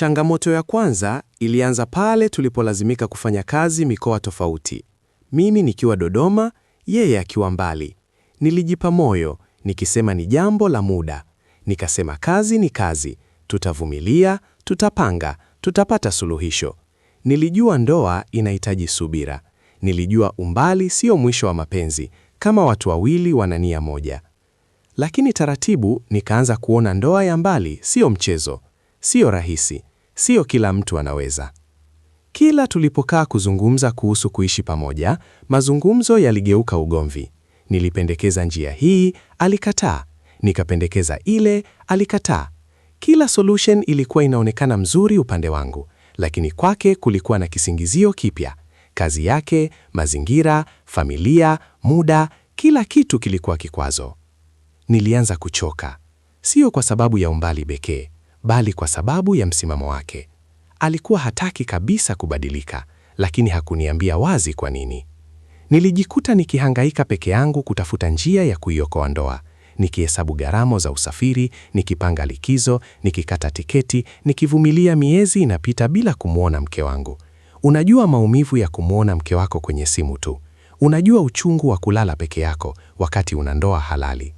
Changamoto ya kwanza ilianza pale tulipolazimika kufanya kazi mikoa tofauti, mimi nikiwa Dodoma, yeye akiwa mbali. Nilijipa moyo nikisema ni jambo la muda, nikasema kazi ni kazi, tutavumilia, tutapanga, tutapata suluhisho. Nilijua ndoa inahitaji subira, nilijua umbali sio mwisho wa mapenzi kama watu wawili wana nia moja. Lakini taratibu nikaanza kuona ndoa ya mbali sio mchezo, sio rahisi. Sio kila mtu anaweza. Kila tulipokaa kuzungumza kuhusu kuishi pamoja, mazungumzo yaligeuka ugomvi. Nilipendekeza njia hii, alikataa. Nikapendekeza ile, alikataa. Kila solution ilikuwa inaonekana mzuri upande wangu, lakini kwake kulikuwa na kisingizio kipya. Kazi yake, mazingira, familia, muda, kila kitu kilikuwa kikwazo. Nilianza kuchoka, sio kwa sababu ya umbali pekee, bali kwa sababu ya msimamo wake. Alikuwa hataki kabisa kubadilika, lakini hakuniambia wazi kwa nini. Nilijikuta nikihangaika peke yangu kutafuta njia ya kuiokoa ndoa, nikihesabu gharama za usafiri, nikipanga likizo, nikikata tiketi, nikivumilia miezi inapita bila kumwona mke wangu. Unajua maumivu ya kumwona mke wako kwenye simu tu. Unajua uchungu wa kulala peke yako wakati una ndoa halali.